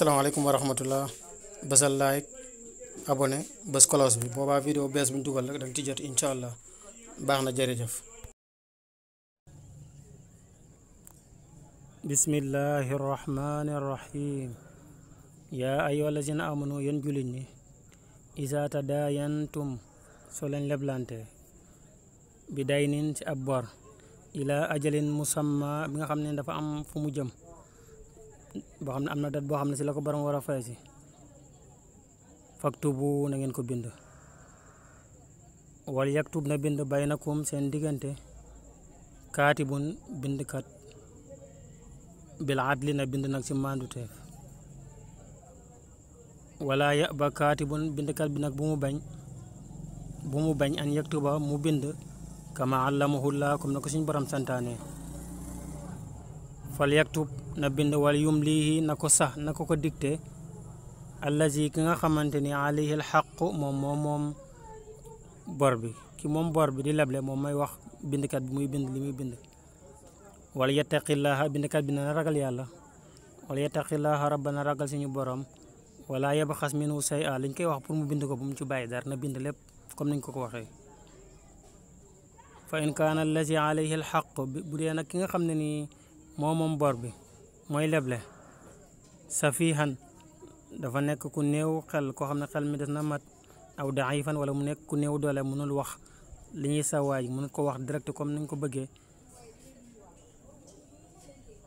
salaamaaleykum wa rahmatullah bësal like abonné bës cloche bi boobaa vidéo bees bu ñu dugal nag da nga ci jot incha allah baax na jërëjëf bismillahi rahmani rahim yaa ayyuha allazina amanu yéen jullit ñi isa tadaayantum soo leen leblante bi day nin ci ab bor ila ajalin musamma bi nga xam ne dafa am fu mu jëm boo xam ne am na date boo xam ne si la ko borom war a fay si faktubu na ngeen ko bind wal yaktub na bind baynakum seen diggante kaatibun bindkat bil bind nag si manduteef wala ya bindkat bi nag bu mu bañ bu mu bañ an yaktuba mu bind kama allamahu laa comme na ko suñ borom santaane fal yaktub na bind wal yum liihi na ko sax na ko ko digte allazi ki nga xamante ni alayhi alxaqu moom moom moom bor bi ki moom bor bi di leble moom may wax bindkat bi muy bind li muy bind wala yattaqillaaha bindkat bi na ragal yàlla wala yattaqillaaha rabbana ragal suñu borom wala yabxas minhu say a liñ koy wax pour mu bind ko bu mu ci bàyyi dar na bind lépp comme niñ ko ko waxee fa in kaana allazi alayhi alxaqu bu nag ki nga xam ne nii moo moom bor bi mooy leble sa safihan dafa nekk ku néew xel koo xam ne xel mi des na mat aw daifan wala mu nekk ku néew doole mënul wax li ñuy sawaay mënul ko wax direct comme ni nga ko bëggee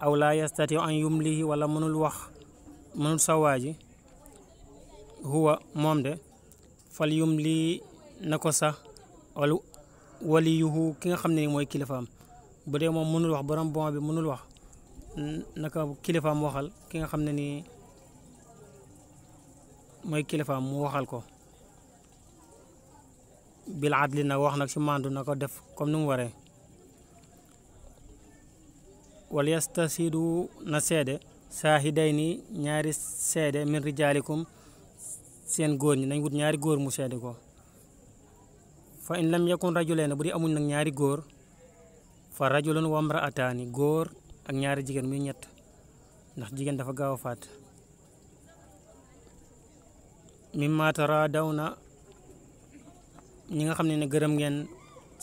aw laa yastati an yumlihi wala mënul wax mënul sawaaji huwa moom de fal yumli na ko sax wala waliyuhu ki nga xam ne ni mooy kilifaam bu dee moom mënul wax borom bon bi mënul wax naka kilifaam waxal ki nga xam ne nii mooy kilifaam mu waxal ko bil adli nag wax nag si mandu na ko def comme ni mu waree wala yastasidu na seede saahiday ni ñaari seede min rijaalikum seen góor ñi nañ wut ñaari góor mu seede ko fa in lam yakun rajuleen bu di amuñ nag ñaari góor fa rajulun wa mraataani góor ak ñaari jigéen muy ñett ndax jigéen dafa gaaw a faat mimma tara daw na ñi nga xam ne ne gërëm ngeen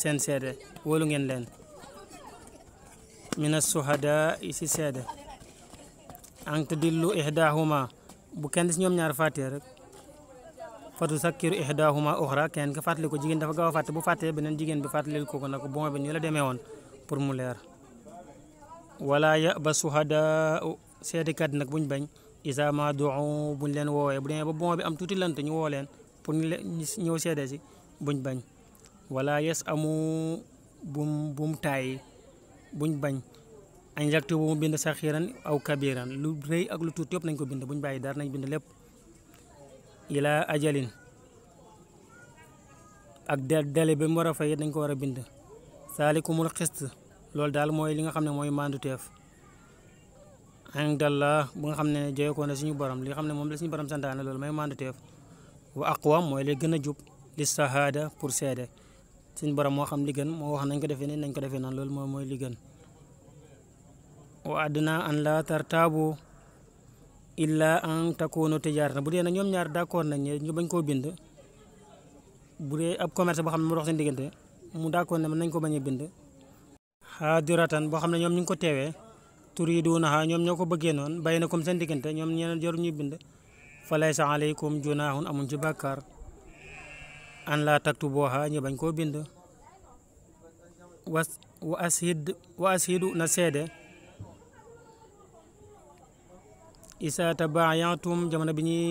seen seede wóolu ngeen leen a suhada i si seede an tudillu ihdahuma bu kenn si ñoom ñaar fàttee rek fatu sakkiru ihdahuma uxra kenn ka fàttali ko jigéen dafa gaaw a fàtte bu fàttee beneen jigéen bi fàttalil ko nag bon bi nii la demee woon pour mu leer wala yaba suhadaa seedekat nag buñ bañ isa ma duu buñ leen woowee bu demee ba bon bi am tuuti lant ñu woo leen pour ñu ñëw seede si buñ bañ wala yes amu bum bum taayi buñ bañ añ yaktu bu mu bind saxiiran aw kabiran lu rëy ak lu tuuti yëpp nañ ko bind buñ bàyyi dara nañ bind lépp ilaa ajalin ak dele bi mu war a fay dañ ko war a bind saalikumul xist loolu daal mooy li nga xam ne mooy manduteef indallah bu nga xam ne joyekoo na suñu borom li nga xam ne moom la suñu borom santaane loolu mooy manduteef wa aqwam mooy li gën a jub li sahaada pour seede suñu borom moo xam li gën moo wax nañ ko defee nii nañ ko defee noonu loolu moom mooy li gën wa adna an la tartaabu illa an takunu tijaaratan bu dee na ñoom ñaar d'accord nañ ne ñu bañ koo bind bu dee ab commerce boo xam ne mu dox seen diggante mu d'accord ne mën nañ ko bañ a bind xaadiratan boo xam ne ñoom ñu ngi ko teewee turiduunaha ñoom ñoo ko bëggee noonu bay na comme seen diggante ñoom ñeneen jarul ñuy bind fa laysa aleykum junaahun amuñ ci bàkkaar an laa taktubuha ñu bañ koo bind was wa ashid wa ashidu na seede isa tabaayantum jamono bi ñuy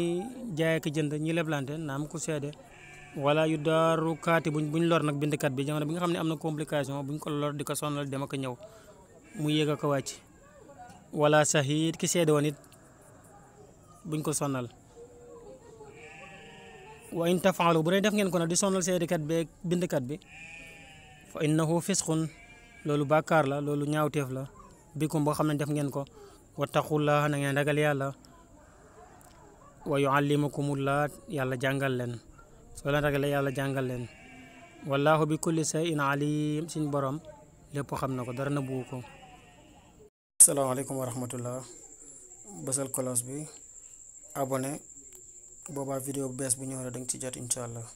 jaay ak jënd ñi leblante naam ku seede wala yu daaru kaati buñ buñ lor nag bindkat bi jamono bi nga xam ne am na complication buñ ko lor di ko sonal dem ak ñëw mu yéeg a ko wàcc wala saxiit ki seede woon it buñ ko sonal wa in tafaalu bu dee def ngeen ko nag di sonal seedekat bi bindkat bi fa innahu fisqun loolu bàkkaar la loolu ñaawteef la bikum boo xam ne def ngeen ko wattaqullaha na ngeen ragal yàlla wa yuallimukumullah yàlla jàngal leen soo leen ragalee yàlla jàngal leen wallaahu bi say shay'in alim suñ boroom lépp xam na ko dara na bugg ko asalaamaaleykum wa rahmatullah bësal kolos bi abonné boobaa vidéo bu bees bu ñëw rek danga ci jot incha allah